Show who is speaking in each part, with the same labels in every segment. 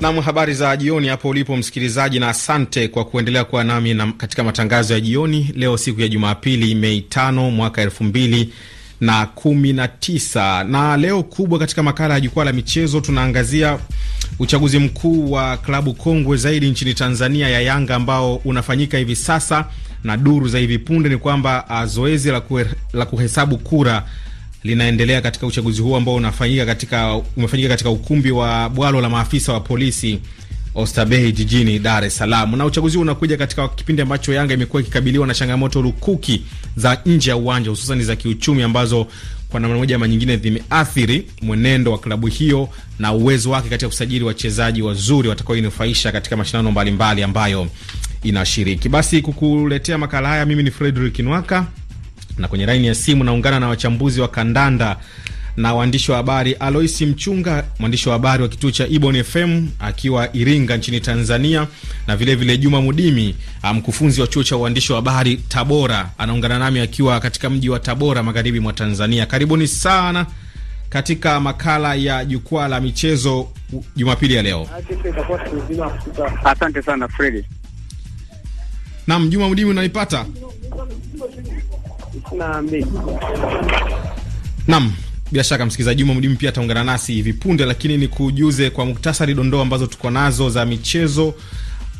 Speaker 1: Nam, habari za jioni hapo ulipo msikilizaji, na asante kwa kuendelea kuwa nami na katika matangazo ya jioni leo, siku ya Jumapili, Mei tano mwaka elfu mbili na kumi na tisa. Na leo kubwa katika makala ya jukwaa la michezo tunaangazia uchaguzi mkuu wa klabu kongwe zaidi nchini Tanzania ya Yanga ambao unafanyika hivi sasa, na duru za hivi punde ni kwamba ah, zoezi la, la kuhesabu kura linaendelea katika uchaguzi huu ambao unafanyika katika, umefanyika katika ukumbi wa bwalo la maafisa wa polisi Ostabei jijini Dar es Salaam. Na uchaguzi huu unakuja katika kipindi ambacho Yanga imekuwa ikikabiliwa na changamoto lukuki za nje ya uwanja, hususan za kiuchumi ambazo kwa namna moja ama nyingine zimeathiri mwenendo wa klabu hiyo na uwezo wake katika kusajili wachezaji wazuri watakaoinufaisha katika mashindano mbalimbali ambayo inashiriki. Basi kukuletea makala haya mimi ni Fredrick Nwaka na kwenye laini ya simu naungana na wachambuzi wa kandanda na waandishi wa habari Aloisi Mchunga, mwandishi wa habari wa kituo cha Ibon FM akiwa Iringa nchini Tanzania, na vilevile vile Juma Mudimi, ah, mkufunzi wa chuo cha uandishi wa habari Tabora, anaungana nami akiwa katika mji wa Tabora, magharibi mwa Tanzania. Karibuni sana katika makala ya jukwaa la michezo Jumapili ya leo.
Speaker 2: Asante sana Fredi.
Speaker 1: Naam, Juma Mudimi, unanipata? na mbili. Naam, bila shaka msikilizaji, Juma mdimu pia ataungana nasi hivi punde, lakini ni kujuze kwa muktasari dondoo ambazo tuko nazo za michezo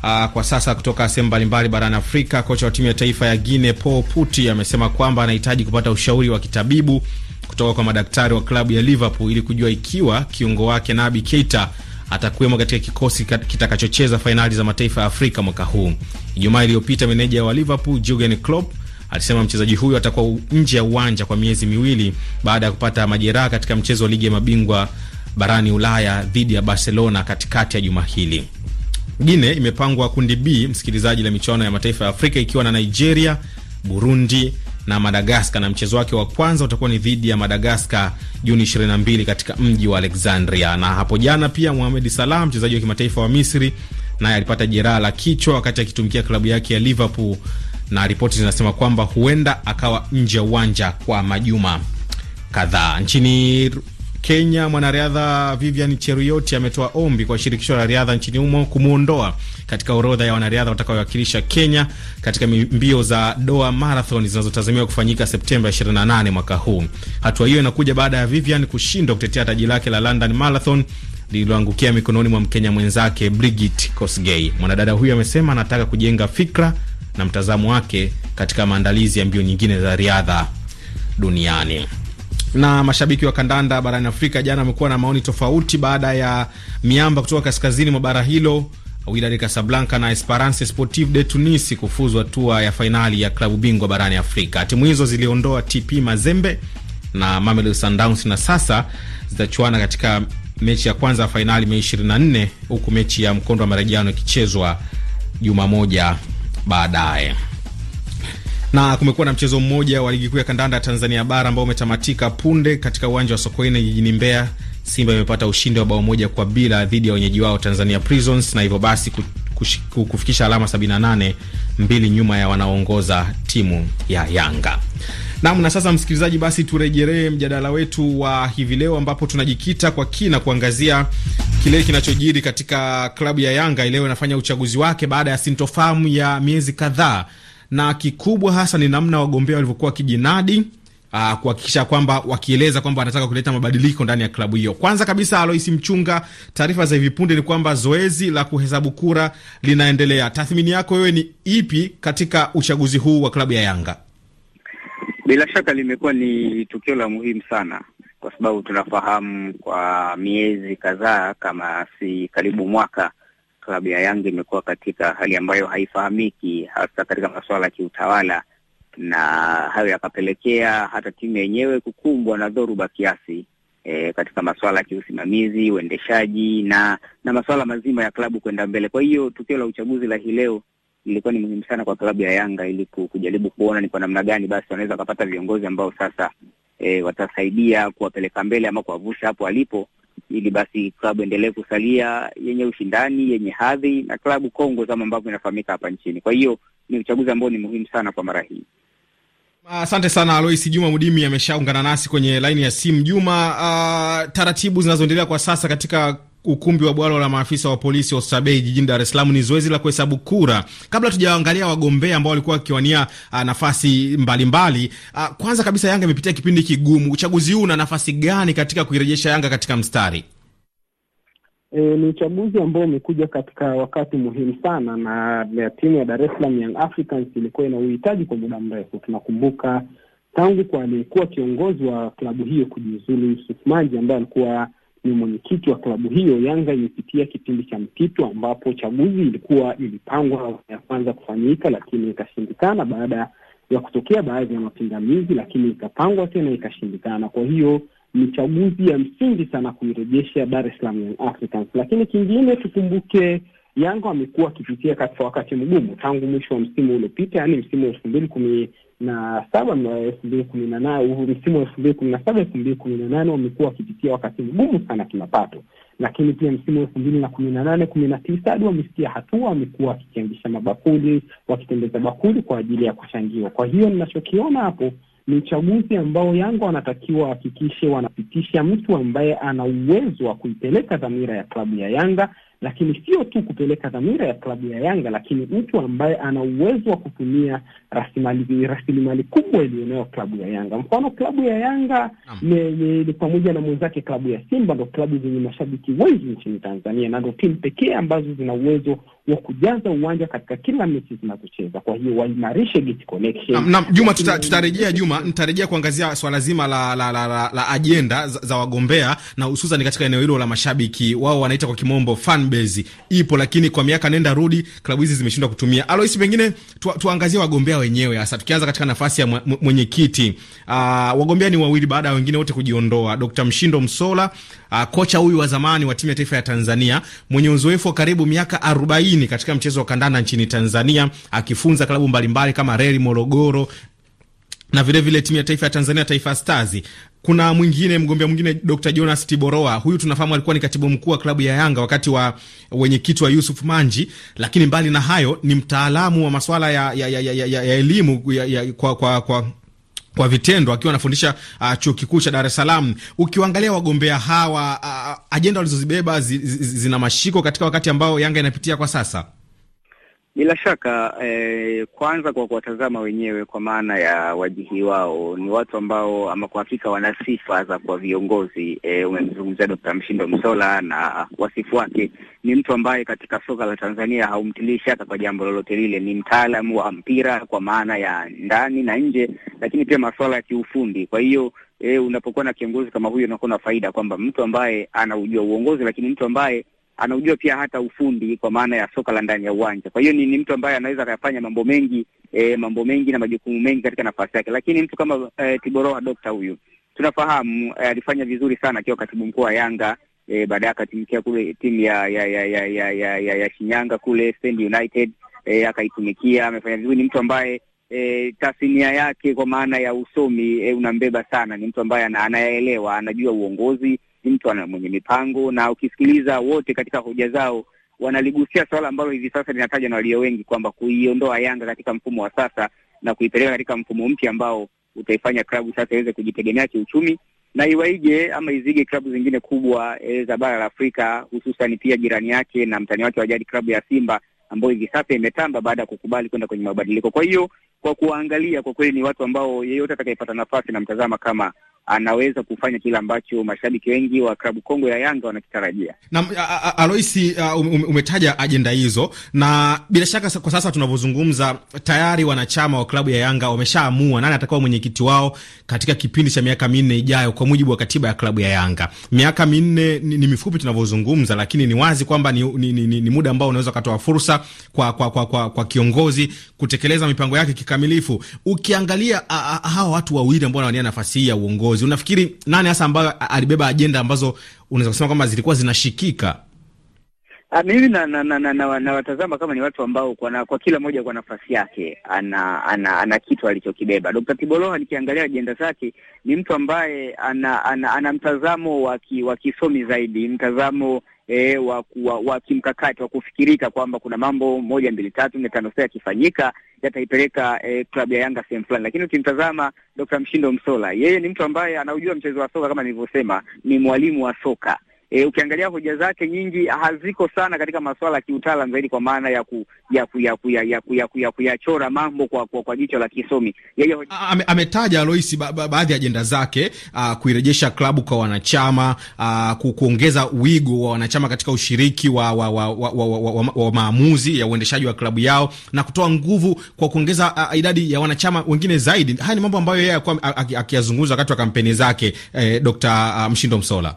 Speaker 1: aa, ah, kwa sasa kutoka sehemu mbalimbali barani Afrika. Kocha wa timu ya taifa ya Guinea Paul Puti amesema kwamba anahitaji kupata ushauri wa kitabibu kutoka kwa madaktari wa klabu ya Liverpool ili kujua ikiwa kiungo wake Nabi Keita atakuwemo katika kikosi kitakachocheza fainali za mataifa ya Afrika mwaka huu. Ijumaa iliyopita meneja wa Liverpool Jurgen Klopp alisema mchezaji huyo atakuwa nje ya uwanja kwa miezi miwili baada ya kupata majeraha katika mchezo wa ligi ya mabingwa barani Ulaya dhidi ya Barcelona katikati ya juma hili. Gine imepangwa kundi B, msikilizaji, la michuano ya mataifa ya Afrika ikiwa na Nigeria, Burundi na Madagaskar, na mchezo wake wa kwanza utakuwa ni dhidi ya Madagaskar Juni 22 katika mji wa Alexandria. Na hapo jana pia Mohamed Salah, mchezaji wa kimataifa wa Misri, naye alipata jeraha la kichwa wakati akitumikia klabu yake ya Liverpool na ripoti zinasema kwamba huenda akawa nje ya uwanja kwa majuma kadhaa. Nchini Kenya, mwanariadha Vivian Cheruyoti ametoa ombi kwa shirikisho la riadha nchini humo kumwondoa katika orodha ya wanariadha watakaowakilisha Kenya katika mbio za Doha Marathon zinazotazamiwa kufanyika Septemba 28 mwaka huu. Hatua hiyo inakuja baada ya Vivian kushindwa kutetea taji lake la London Marathon lililoangukia mikononi mwa Mkenya mwenzake Brigit Kosgei. Mwanadada huyo amesema anataka kujenga fikra na mtazamo wake katika maandalizi ya mbio nyingine za riadha duniani. Na mashabiki wa kandanda barani Afrika jana wamekuwa na maoni tofauti baada ya miamba kutoka kaskazini mwa bara hilo Wydad Casablanca na Esperance Sportive de Tunis kufuzu hatua ya fainali ya klabu bingwa barani Afrika. Timu hizo ziliondoa TP Mazembe na Mamelodi Sundowns na sasa zitachuana katika mechi ya kwanza ya fainali Mei 24 huku mechi ya mkondo wa marejeano ikichezwa juma moja baadaye. Na kumekuwa na mchezo mmoja wa ligi kuu ya kandanda ya Tanzania bara ambao umetamatika punde katika uwanja wa Sokoine jijini Mbeya. Simba imepata ushindi wa bao moja kwa bila dhidi ya wenyeji wao Tanzania Prisons na hivyo basi kufikisha alama 78 mbili nyuma ya wanaoongoza timu ya Yanga. Naam, na sasa msikilizaji, basi turejelee mjadala wetu wa hivi leo, ambapo tunajikita kwa kina kuangazia kile kinachojiri katika klabu ya Yanga ileo inafanya uchaguzi wake baada ya sintofahamu ya miezi kadhaa, na kikubwa hasa ni namna wagombea walivyokuwa kijinadi ah, kuhakikisha kwamba wakieleza kwamba wanataka kuleta mabadiliko ndani ya klabu hiyo. Kwanza kabisa, Alois Mchunga, taarifa za hivi punde ni kwamba zoezi la kuhesabu kura linaendelea. Tathmini yako wewe ni ipi katika uchaguzi huu wa klabu ya Yanga?
Speaker 2: Bila shaka limekuwa ni tukio la muhimu sana, kwa sababu tunafahamu kwa miezi kadhaa, kama si karibu mwaka, klabu ya Yanga imekuwa katika hali ambayo haifahamiki, hasa katika masuala ya kiutawala, na hayo yakapelekea hata timu yenyewe kukumbwa na dhoruba kiasi E, katika masuala ya kiusimamizi, uendeshaji na na masuala mazima ya klabu kwenda mbele. Kwa hiyo tukio la uchaguzi la hii leo ilikuwa ni muhimu sana kwa klabu ya Yanga ili kujaribu kuona ni kwa namna gani basi wanaweza wakapata viongozi ambao sasa e, watasaidia kuwapeleka mbele ama kuwavusha hapo walipo, ili basi klabu endelee kusalia yenye ushindani, yenye hadhi na klabu kongwe kama ambavyo inafahamika hapa nchini. Kwa hiyo ni uchaguzi ambao ni muhimu sana kwa mara hii.
Speaker 1: Asante sana Alois Juma Mudimi ameshaungana nasi kwenye laini ya simu. Juma, uh, taratibu zinazoendelea kwa sasa katika ukumbi wa bwalo la maafisa wa polisi Oysterbay jijini Dar es Salaam ni zoezi la kuhesabu kura. Kabla tujaangalia wagombea ambao walikuwa wakiwania ah, nafasi mbalimbali mbali, ah, kwanza kabisa Yanga imepitia kipindi kigumu. Uchaguzi huu una nafasi gani katika kuirejesha Yanga katika mstari?
Speaker 3: E, ni uchaguzi ambao umekuja katika wakati muhimu sana, na ya timu ya Dar es Salaam Young Africans ilikuwa ina uhitaji kwa muda mrefu. Tunakumbuka tangu kwa aliyekuwa kiongozi wa klabu hiyo kujiuzulu, Yusuf Manji ambaye alikuwa ni mwenyekiti wa klabu hiyo. Yanga imepitia kipindi cha mpito ambapo chaguzi ilikuwa ilipangwa ya kwanza kufanyika, lakini ikashindikana baada ya kutokea baadhi ya mapingamizi, lakini ikapangwa tena ikashindikana. Kwa hiyo ni chaguzi ya msingi sana kuirejesha Dar es Salaam Young Africans. Lakini kingine tukumbuke, Yanga wamekuwa wakipitia katika wakati mgumu tangu mwisho wa msimu uliopita, yaani msimu wa elfu mbili kumi na saba na elfu mbili kumi na nane msimu wa elfu mbili kumi na saba elfu mbili kumi na nane wamekuwa wakipitia wakati mgumu sana kimapato, lakini pia msimu wa elfu mbili na kumi na nane kumi na tisa hadi wamesikia hatua, wamekuwa wakikianzisha mabakuli, wakitembeza bakuli kwa ajili ya kuchangiwa. Kwa hiyo ninachokiona hapo ni uchaguzi ambao Yanga wanatakiwa wahakikishe wanapitisha mtu ambaye ana uwezo wa kuipeleka dhamira ya klabu ya Yanga lakini sio tu kupeleka dhamira ya klabu ya Yanga, lakini mtu ambaye ana uwezo wa kutumia rasilimali rasilimali kubwa iliyonayo klabu ya Yanga. Mfano, klabu ya Yanga ni pamoja na mwenzake klabu ya Simba, ndo klabu zenye mashabiki wengi nchini Tanzania na ndo timu pekee ambazo zina uwezo wa kujaza uwanja katika kila mechi zinazocheza. Kwa hiyo waimarishe gate connection. Juma, tutarejea
Speaker 1: Juma, nitarejea kuangazia swala zima la, la, la, la, la ajenda za, za wagombea na hususan katika eneo hilo la mashabiki, wao wanaita kwa kimombo fan Mbezi ipo, lakini kwa miaka nenda rudi klabu hizi zimeshindwa kutumia. Alois, pengine tu, tuangazie wagombea wenyewe hasa, tukianza katika nafasi ya mwenyekiti. Uh, wagombea ni wawili baada ya wengine wote kujiondoa. Dr. Mshindo Msola, uh, kocha huyu wa zamani wa timu ya taifa ya Tanzania mwenye uzoefu wa karibu miaka 40 katika mchezo wa kandanda nchini Tanzania akifunza klabu mbalimbali kama Reli Morogoro na vilevile timu ya taifa ya Tanzania Taifa Stars kuna mwingine mgombea mwingine Dr Jonas Tiboroa, huyu tunafahamu alikuwa ni katibu mkuu wa klabu ya Yanga wakati wa wenyekiti wa Yusuf Manji, lakini mbali na hayo ni mtaalamu wa maswala ya, ya, ya, ya, ya elimu ya, ya, kwa, kwa, kwa kwa vitendo akiwa anafundisha uh, chuo kikuu cha Dar es Salaam. ukiwangalia wagombea hawa uh, uh, ajenda walizozibeba zi, zi, zina mashiko katika wakati ambao Yanga inapitia kwa sasa.
Speaker 2: Bila shaka eh, kwanza kwa kuwatazama wenyewe, kwa maana ya wajihi wao, ni watu ambao ama kwa hakika wana sifa za kuwa viongozi eh, umemzungumzia Dkt. Mshindo Msola na wasifu wake. Ni mtu ambaye katika soka la Tanzania haumtilii shaka kwa jambo lolote lile. Ni mtaalamu wa mpira kwa maana ya ndani na nje, lakini pia masuala ya kiufundi. Kwa hiyo eh, unapokuwa na kiongozi kama huyo unakuwa na faida kwamba mtu ambaye anaujua uongozi, lakini mtu ambaye anaujua pia hata ufundi kwa maana ya soka la ndani ya uwanja. Kwa hiyo ni, ni mtu ambaye anaweza akafanya mambo mengi e, mambo mengi na majukumu mengi katika nafasi yake, lakini mtu kama e, Tiboroa Dokta huyu tunafahamu eh, alifanya vizuri sana akiwa katibu mkuu wa Yanga e, baadaye akatimkia kule timu ya ya ya ya, ya, ya, ya, ya Shinyanga kule Stand United e, akaitumikia, amefanya vizuri. Ni mtu ambaye e, tasnia yake kwa maana ya usomi e, unambeba sana. Ni mtu ambaye anayaelewa, anajua uongozi ni mtu mwenye mipango, na ukisikiliza wote katika hoja zao wanaligusia suala ambalo hivi sasa linataja na walio wengi kwamba kuiondoa Yanga katika mfumo wa sasa na kuipeleka katika mfumo mpya ambao utaifanya klabu sasa iweze kujitegemea kiuchumi na iwaige ama izige klabu zingine kubwa e, za bara la Afrika, hususan pia jirani yake na mtani wake wa jadi klabu ya Simba ambayo hivi sasa imetamba baada ya kukubali kwenda kwenye mabadiliko. Kwa hiyo kwa kuwaangalia, kwa kweli ni watu ambao yeyote atakayepata nafasi namtazama kama anaweza kufanya kile ambacho mashabiki wengi wa klabu kongwe ya Yanga wanakitarajia.
Speaker 1: Na Aloisi, um, um, umetaja ajenda hizo, na bila shaka kwa sasa tunavyozungumza, tayari wanachama wa klabu ya Yanga wameshaamua nani atakuwa mwenyekiti wao katika kipindi cha miaka minne ijayo, kwa mujibu wa katiba ya klabu ya Yanga. Miaka minne ni, ni mifupi tunavyozungumza, lakini ni wazi kwamba ni, ni, ni, ni muda ambao unaweza ukatoa fursa kwa, kwa, kwa, kwa, kwa kiongozi kutekeleza mipango yake kikamilifu. Ukiangalia hawa watu wawili ambao wanawania nafasi hii ya uongozi uongozi. Unafikiri nani hasa ambayo alibeba ajenda ambazo unaweza kusema kwamba zilikuwa zinashikika?
Speaker 2: Ah, mimi na nawatazama na, na, na, na, na kama ni watu ambao kwa, na, kwa kila mmoja kwa nafasi yake ana, ana, ana kitu alichokibeba. Dr. Tiboloha nikiangalia ajenda zake ni mtu ambaye ana, ana, ana mtazamo wa kisomi zaidi, mtazamo E, wa kimkakati wa kufikirika kwamba kuna mambo moja mbili tatu nne tano sita yakifanyika yataipeleka eh, klabu ya Yanga sehemu fulani, lakini ukimtazama Dr. Mshindo Msola, yeye ni mtu ambaye anaujua mchezo wa soka, kama nilivyosema, ni mwalimu wa soka E, ukiangalia hoja zake nyingi haziko sana katika masuala ya kiutaalam zaidi, kwa maana ya ku, ya ku, ya ku, ya ya ku, ya ku, ya kuyachora mambo kwa kwa, kwa jicho la kisomi. Yeye
Speaker 1: ametaja Aloisi ba, ba, baadhi ya ajenda zake kuirejesha klabu kwa wanachama ku, kuongeza wigo wa wanachama katika ushiriki wa wa, wa, wa, wa, wa, wa, wa maamuzi ya uendeshaji wa klabu yao na kutoa nguvu kwa kuongeza uh, idadi ya wanachama wengine zaidi. Haya ni mambo ambayo yeye akiyazungumza wakati wa kampeni zake eh, Dr. Mshindo Msola.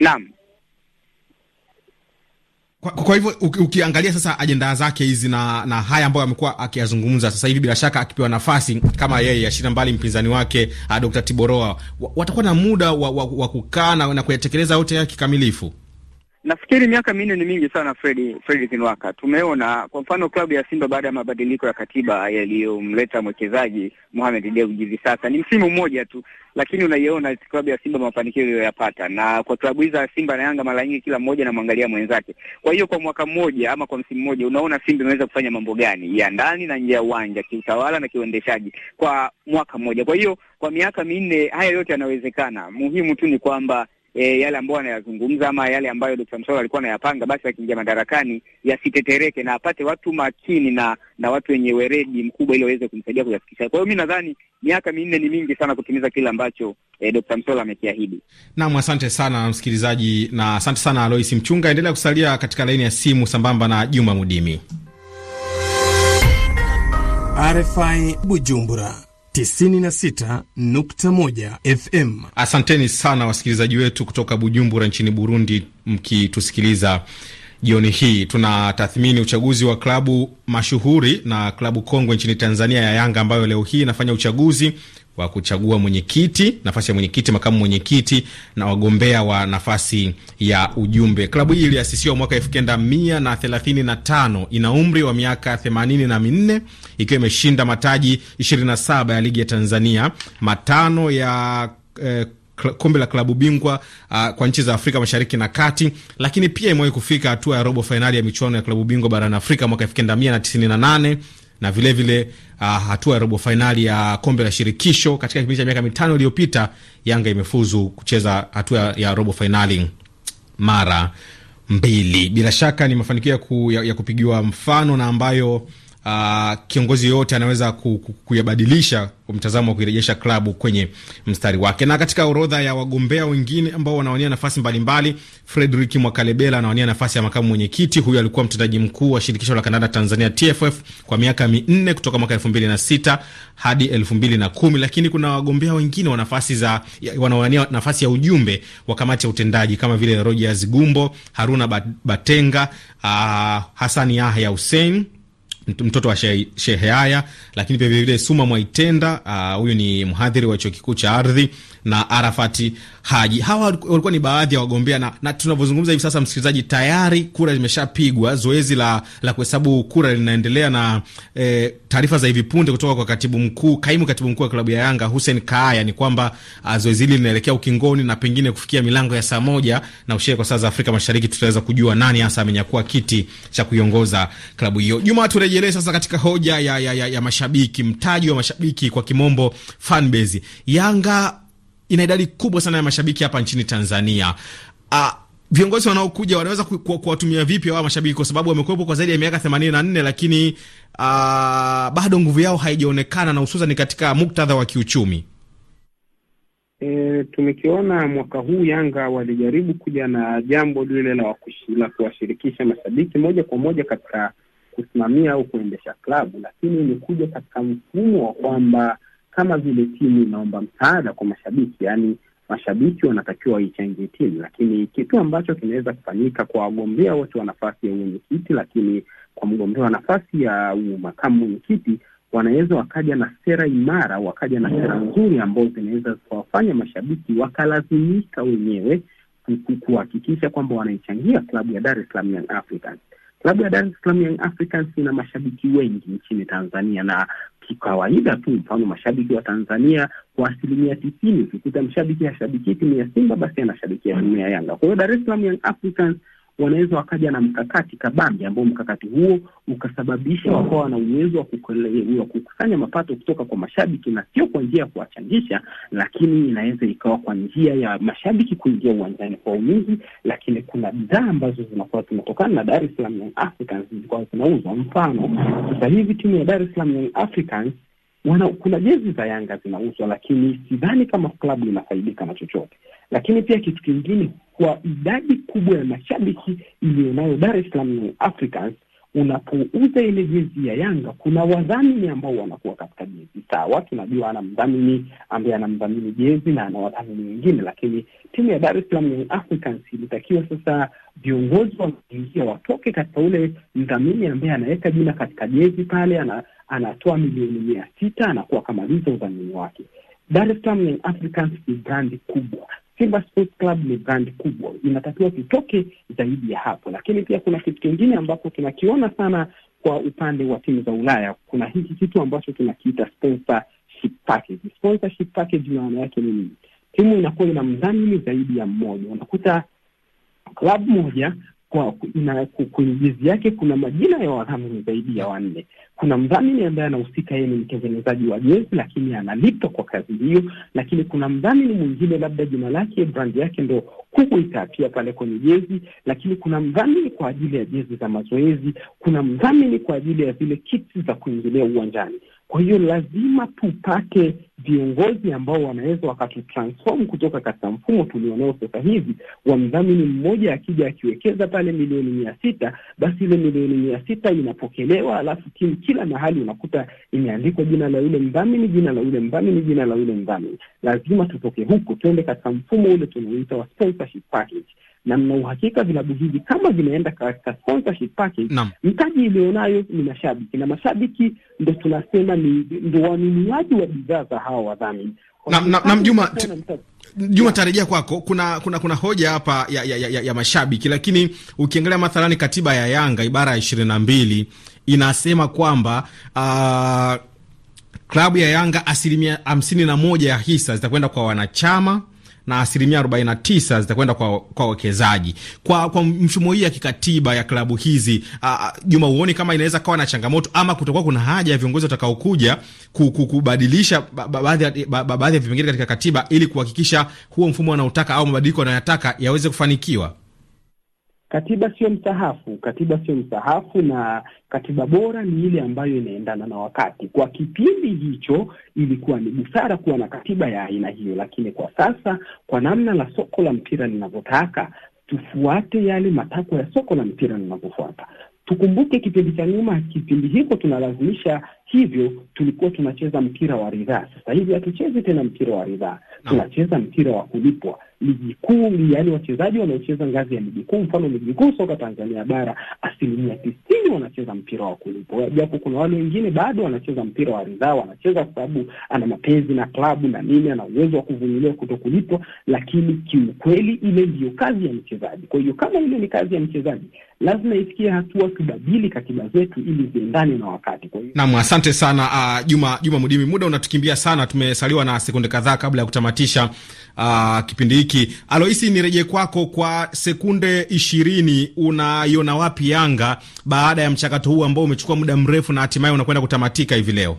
Speaker 1: Naam. Kwa, kwa hivyo ukiangalia sasa ajenda zake hizi na, na haya ambayo amekuwa akiyazungumza sasa hivi, bila shaka akipewa nafasi kama yeye ashiria mbali mpinzani wake ah, Dr. Tiboroa watakuwa na muda wa, wa, wa kukaa na kuyatekeleza yote ya kikamilifu.
Speaker 2: Nafikiri miaka minne ni mingi sana Fredi, Fredi Kinwaka. Tumeona kwa mfano klabu ya Simba baada ya mabadiliko ya katiba yaliyomleta mwekezaji Mohamed Dewji, hivi sasa ni msimu mmoja tu, lakini unaiona klabu ya Simba mafanikio iliyoyapata, na kwa klabu hizi za Simba na Yanga mara nyingi kila mmoja anamwangalia mwenzake. Kwa hiyo kwa mwaka mmoja ama kwa msimu mmoja, unaona Simba imeweza kufanya mambo gani ya ndani na nje ya uwanja, kiutawala na kiuendeshaji, kwa mwaka mmoja. Kwa hiyo kwa miaka minne haya yote yanawezekana, muhimu tu ni kwamba e, yale ambayo anayazungumza ama yale ambayo dokta Msoro alikuwa anayapanga, basi akiingia madarakani yasitetereke na apate watu makini na na watu wenye weredi mkubwa, ili waweze kumsaidia kuyafikisha. Kwa hiyo mi nadhani miaka minne ni mingi sana kutimiza kile ambacho e, Dr. Msoro amekiahidi.
Speaker 1: Naam, asante sana msikilizaji, na asante sana Alois Mchunga. Endelea kusalia katika laini ya simu sambamba na Juma Mudimi, RFI Bujumbura. 96.1 FM. Asanteni sana wasikilizaji wetu kutoka Bujumbura nchini Burundi mkitusikiliza jioni hii. Tunatathmini uchaguzi wa klabu mashuhuri na klabu kongwe nchini Tanzania ya Yanga ambayo leo hii inafanya uchaguzi wa kuchagua mwenyekiti, nafasi ya mwenyekiti, makamu mwenyekiti na wagombea wa nafasi ya ujumbe. Klabu hii iliasisiwa mwaka elfu kenda mia na thelathini na tano. Ina umri wa miaka themanini na minne ikiwa imeshinda mataji ishirini na saba ya ligi ya Tanzania, matano ya eh, kombe la klabu bingwa uh, kwa nchi za Afrika Mashariki na Kati, lakini pia imewahi kufika hatua ya robo fainali ya michuano ya klabu bingwa barani Afrika mwaka elfu kenda mia na tisini na nane na vilevile vile, uh, hatua ya robo fainali ya kombe la shirikisho katika kipindi cha miaka mitano iliyopita, Yanga imefuzu kucheza hatua ya robo fainali mara mbili. Bila shaka ni mafanikio ya, ku, ya, ya kupigiwa mfano na ambayo uh, kiongozi yoyote anaweza kuyabadilisha mtazamo wa kuirejesha klabu kwenye mstari wake. Na katika orodha ya wagombea wengine ambao wanawania nafasi mbalimbali, Frederick Mwakalebela anawania nafasi ya makamu mwenyekiti. Huyu alikuwa mtendaji mkuu wa shirikisho la kandanda Tanzania TFF kwa miaka minne kutoka mwaka elfu mbili na sita hadi elfu mbili na kumi lakini kuna wagombea wengine wa nafasi wanawania nafasi ya ujumbe wa kamati ya utendaji kama vile Rogers Gumbo, Haruna Batenga, uh, ah, Hasani Yahya Hussein mtoto wa Shehe Haya, lakini pia vilevile Suma Mwaitenda, ah, huyu uh, ni mhadhiri wa chuo kikuu cha ardhi na Arafati Haji. Hawa walikuwa ni baadhi ya wagombea na, na tunavyozungumza hivi sasa, msikilizaji, tayari kura zimeshapigwa, zoezi la, la kuhesabu kura linaendelea na e, taarifa za hivi punde kutoka kwa katibu mkuu, kaimu katibu mkuu wa klabu ya Yanga Hussein Kaaya ni kwamba ah, zoezi hili linaelekea ukingoni na pengine kufikia milango ya saa moja na ushia kwa saa za Afrika Mashariki tutaweza kujua nani hasa amenyakua kiti cha kuiongoza klabu hiyo. Juma turejee turejelee sasa katika hoja ya, ya, ya, ya mashabiki, mtaji wa mashabiki kwa kimombo fanbase. Yanga ina idadi kubwa sana ya mashabiki hapa nchini Tanzania. A, ah, viongozi wanaokuja wanaweza kuwatumia vipi hawa mashabiki, kwa sababu wamekuwepo kwa zaidi ya miaka 84 lakini a, ah, bado nguvu yao haijaonekana na hususan katika muktadha wa kiuchumi.
Speaker 3: E, tumekiona mwaka huu Yanga walijaribu kuja na jambo lile la kuwashirikisha mashabiki moja kwa moja katika kusimamia au kuendesha klabu, lakini imekuja katika mfumo wa kwamba kama vile timu inaomba msaada kwa mashabiki, yaani mashabiki wanatakiwa waichangie timu, lakini kitu ambacho kinaweza kufanyika kwa wagombea wote wa nafasi ya uwenyekiti, lakini kwa mgombea wa nafasi ya makamu mwenyekiti wanaweza wakaja na sera imara, wakaja na sera nzuri ambazo zinaweza zikawafanya mashabiki wakalazimika wenyewe kuhakikisha kwamba wanaichangia klabu ya Dar es Salaam Young Africans labda Dar es Salaam Young Africans ina mashabiki wengi nchini Tanzania na kikawaida tu, mfano mashabiki wa Tanzania kwa asilimia tisini ukikuta mshabiki hashabiki timu ya Simba basi anashabikia timu ya Yanga. Kwa hiyo Dar es Salaam Young Africans wanaweza wakaja na mkakati kabambi ambao mkakati huo ukasababisha mm. wakawa na uwezo wa kukusanya mapato kutoka kwa mashabiki, na sio kwa njia ya kuwachangisha, lakini inaweza ikawa kwa njia ya mashabiki kuingia uwanjani kwa uwingi Lakini kuna bidhaa ambazo zinakuwa zinatokana na Dar es Young Africans zilikuwa zinauzwa. Mfano, sasa hivi timu ya Dar es Young Africans wana, kuna jezi za Yanga zinauzwa, lakini sidhani kama klabu inafaidika na chochote. Lakini pia kitu kingine, kwa idadi kubwa ya mashabiki iliyonayo Dar es Africans, unapouza ile jezi ya Yanga kuna wadhamini ambao wanakuwa katika jezi. Sawa, tunajua ana mdhamini ambaye anamdhamini jezi na ana wadhamini wengine, lakini timu ya Dar es Africans ilitakiwa sasa viongozi wanaingia watoke katika ule mdhamini ambaye anaweka jina katika jezi pale, ana anatoa milioni mia sita anakuwa akamaliza udhamini wake. Dar es Salaam Young Africans ni brandi kubwa, Simba Sports Club ni brandi kubwa, inatakiwa tutoke zaidi ya hapo. Lakini pia kuna kitu kingine ambapo tunakiona sana kwa upande wa timu za Ulaya, kuna hiki kitu ambacho tunakiita sponsorship package. Sponsorship package maana yake ni nini? Timu inakuwa ina mdhamini zaidi ya mmoja, unakuta klabu moja kwa na kwenye jezi yake kuna majina ya wadhamini zaidi ya wanne. Kuna mdhamini ambaye anahusika, yeye ni mtengenezaji wa jezi, lakini analipwa kwa kazi hiyo, lakini kuna mdhamini mwingine, labda jina lake, brandi yake ndo kubwa itaapia pale kwenye jezi, lakini kuna mdhamini kwa ajili ya jezi za mazoezi, kuna mdhamini kwa ajili ya zile kiti za kuingilia uwanjani. Kwa hiyo lazima tupate viongozi ambao wanaweza wakatutransform kutoka katika mfumo tulionao sasa hivi wa mdhamini mmoja akija akiwekeza pale milioni mia sita basi ile milioni mia sita inapokelewa, alafu timu kila mahali unakuta imeandikwa jina la yule mdhamini, jina la yule mdhamini, jina la yule mdhamini. Lazima tutoke huko tuende katika mfumo ule tunaoita wa sponsorship package na mna uhakika vilabu hivi kama vinaenda katika sponsorship package, mtaji ilionayo ni mashabiki, na mashabiki ndo tunasema ni ndo wanunuaji wa bidhaa za hawa wadhamini na, Juma
Speaker 1: Juma, tarejea kwako. Kuna kuna kuna hoja hapa ya, ya, ya, ya mashabiki, lakini ukiangalia mathalani katiba ya Yanga ibara ya ishirini na mbili inasema kwamba uh, klabu ya Yanga asilimia hamsini na moja ya hisa zitakwenda kwa wanachama na asilimia 49 zitakwenda kwa kwa wawekezaji. Kwa, kwa mfumo hii ya kikatiba ya klabu hizi Juma, huoni kama inaweza kawa na changamoto ama kutakuwa kuna haja ya viongozi watakaokuja kubadilisha baadhi ya ba, ba, vipengele katika katiba ili kuhakikisha huo mfumo wanaotaka au mabadiliko wanayotaka yaweze kufanikiwa?
Speaker 3: Katiba sio msahafu, katiba sio msahafu, na katiba bora ni ile ambayo inaendana na wakati. Kwa kipindi hicho ilikuwa ni busara kuwa na katiba ya aina hiyo, lakini kwa sasa, kwa namna la soko la mpira linavyotaka, tufuate yale matakwa ya soko la mpira linavyofuata. Tukumbuke kipindi cha nyuma, kipindi hiko tunalazimisha hivyo tulikuwa tunacheza mpira wa ridhaa. Sasa hivi hatuchezi tena mpira wa ridhaa, tunacheza mpira wa kulipwa. Ligi kuu, yaani wachezaji wanaocheza ngazi ya ligi kuu, mfano ligi kuu soka Tanzania bara, asilimia tisini wanacheza mpira wa kulipwa, japo kuna wale wengine bado wanacheza mpira wa ridhaa. Wanacheza kwa sababu ana mapenzi na klabu na nini, ana uwezo wa kuvumilia kuto kulipwa, lakini kiukweli ile ndiyo kazi ya mchezaji. Kwa hiyo kama ile ni kazi ya mchezaji, lazima ifikie hatua tubadili katiba zetu ili ziendane na wakati. Kwa hiyo
Speaker 1: Asante sana uh, Juma, Juma Mudimi, muda unatukimbia sana, tumesaliwa na sekunde kadhaa kabla ya kutamatisha uh, kipindi hiki. Aloisi, nirejee kwako kwa sekunde ishirini. Unaiona wapi Yanga baada ya mchakato huu ambao umechukua muda mrefu na hatimaye unakwenda kutamatika hivi leo?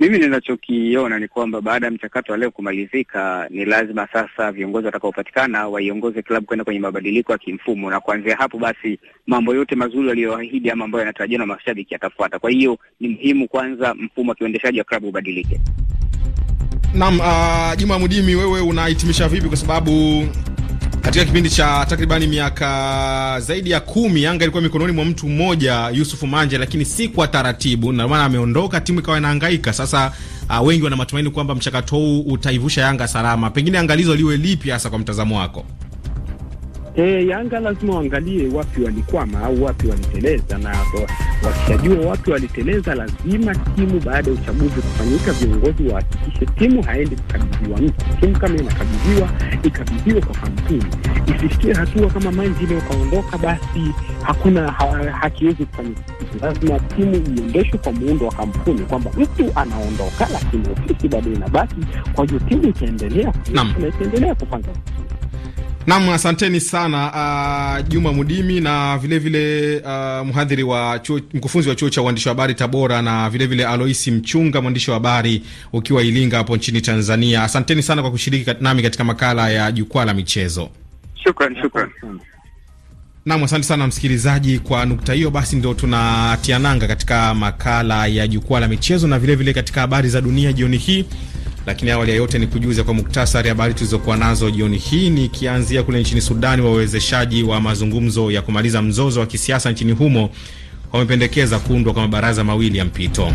Speaker 1: Mimi
Speaker 2: ninachokiona ni kwamba baada ya mchakato wa leo kumalizika, ni lazima sasa viongozi watakaopatikana waiongoze klabu kwenda kwenye mabadiliko ya kimfumo, na kuanzia hapo basi mambo yote mazuri waliyoahidi ama ambayo yanatarajiwa na mashabiki yatafuata. Kwa hiyo ni muhimu kwanza mfumo wa kiuendeshaji wa klabu ubadilike.
Speaker 1: Naam, uh, Juma Mudimi, wewe unahitimisha vipi? Kwa sababu katika kipindi cha takribani miaka zaidi ya kumi Yanga ilikuwa mikononi mwa mtu mmoja Yusufu Manje, lakini si kwa taratibu, na maana ameondoka, timu ikawa inahangaika. Sasa uh, wengi wana matumaini kwamba mchakato huu utaivusha Yanga salama. Pengine angalizo liwe lipi hasa kwa mtazamo wako?
Speaker 3: E, Yanga lazima waangalie wapi walikwama au wapi waliteleza, na wakishajua wapi waliteleza, lazima timu baada ya uchaguzi kufanyika, viongozi wahakikishe timu haendi kukabidhiwa mtu. Timu kama inakabidhiwa ikabidhiwe kwa kampuni, isifikie hatua kama Manji leo basi hakuna ha, hakiwezi kufanyika. Lazima timu iendeshwe kwa muundo wa kampuni, kwamba mtu anaondoka, lakini ofisi bado inabaki. Kwa hiyo timu itaendelea na itaendelea kupanga
Speaker 1: Nam, asanteni sana uh, Juma Mudimi na vilevile vile, uh, mhadhiri wa chuo, mkufunzi wa chuo cha uandishi wa habari Tabora na vilevile vile Aloisi Mchunga, mwandishi wa habari ukiwa Ilinga hapo nchini Tanzania. Asanteni sana kwa kushiriki kat, nami katika makala ya jukwaa la michezo. Shukran, shukran. Nam, asante sana msikilizaji kwa nukta hiyo. Basi ndio tunatiananga katika makala ya jukwaa la michezo na vilevile vile katika habari za dunia jioni hii. Lakini awali ya yote ni kujuza kwa muktasari habari tulizokuwa nazo jioni hii, nikianzia kule nchini Sudani. Wawezeshaji wa mazungumzo ya kumaliza mzozo wa kisiasa nchini humo wamependekeza kuundwa kwa mabaraza mawili ya mpito.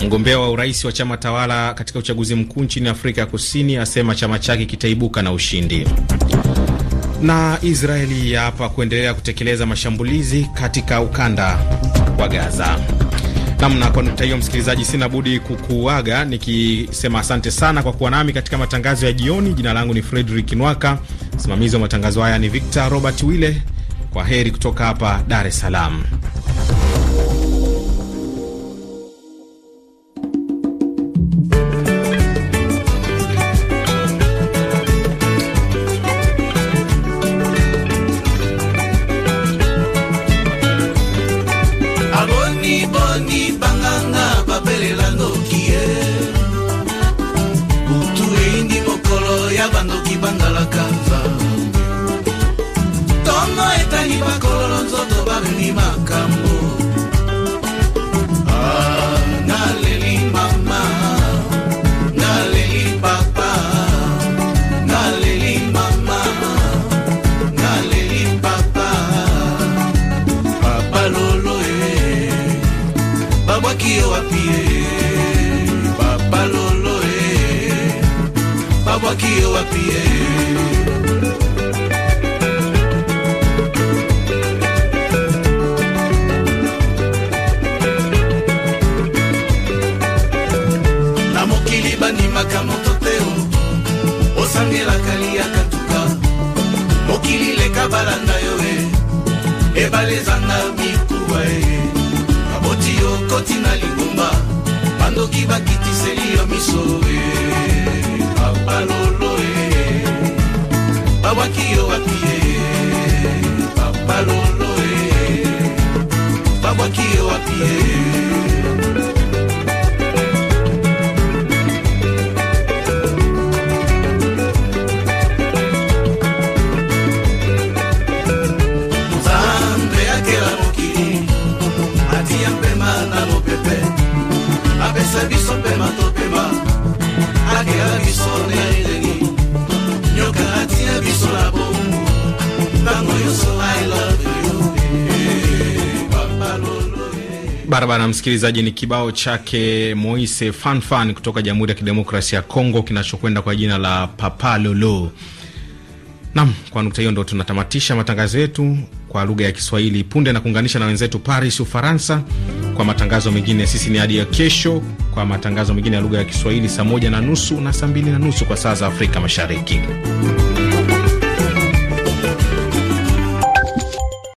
Speaker 1: Mgombea wa urais wa chama tawala katika uchaguzi mkuu nchini Afrika ya Kusini asema chama chake kitaibuka na ushindi. Na Israeli yaapa kuendelea kutekeleza mashambulizi katika ukanda wa Gaza. Namna kwa nukta hiyo, msikilizaji, sina budi kukuaga nikisema asante sana kwa kuwa nami katika matangazo ya jioni. Jina langu ni Fredrick Nwaka, msimamizi wa matangazo haya ni Victor Robert Wille. Kwa heri kutoka hapa Dar es Salaam. boni banganga babelela noki ye butu eyindi mokolo ya bandoki bangalaka nzambe tongo etani bakololo nzoto babendimaka que eu apiei. barabara, msikilizaji. Ni kibao chake Moise Fanfan kutoka Jamhuri ya Kidemokrasia ya Kongo kinachokwenda kwa jina la Papa Lolo. Nam, kwa nukta hiyo ndo tunatamatisha matangazo yetu kwa lugha ya Kiswahili. Punde na kuunganisha na wenzetu Paris, Ufaransa, kwa matangazo mengine. Sisi ni hadi ya kesho kwa matangazo mengine ya lugha ya Kiswahili saa moja na nusu na saa mbili na nusu kwa saa za Afrika Mashariki.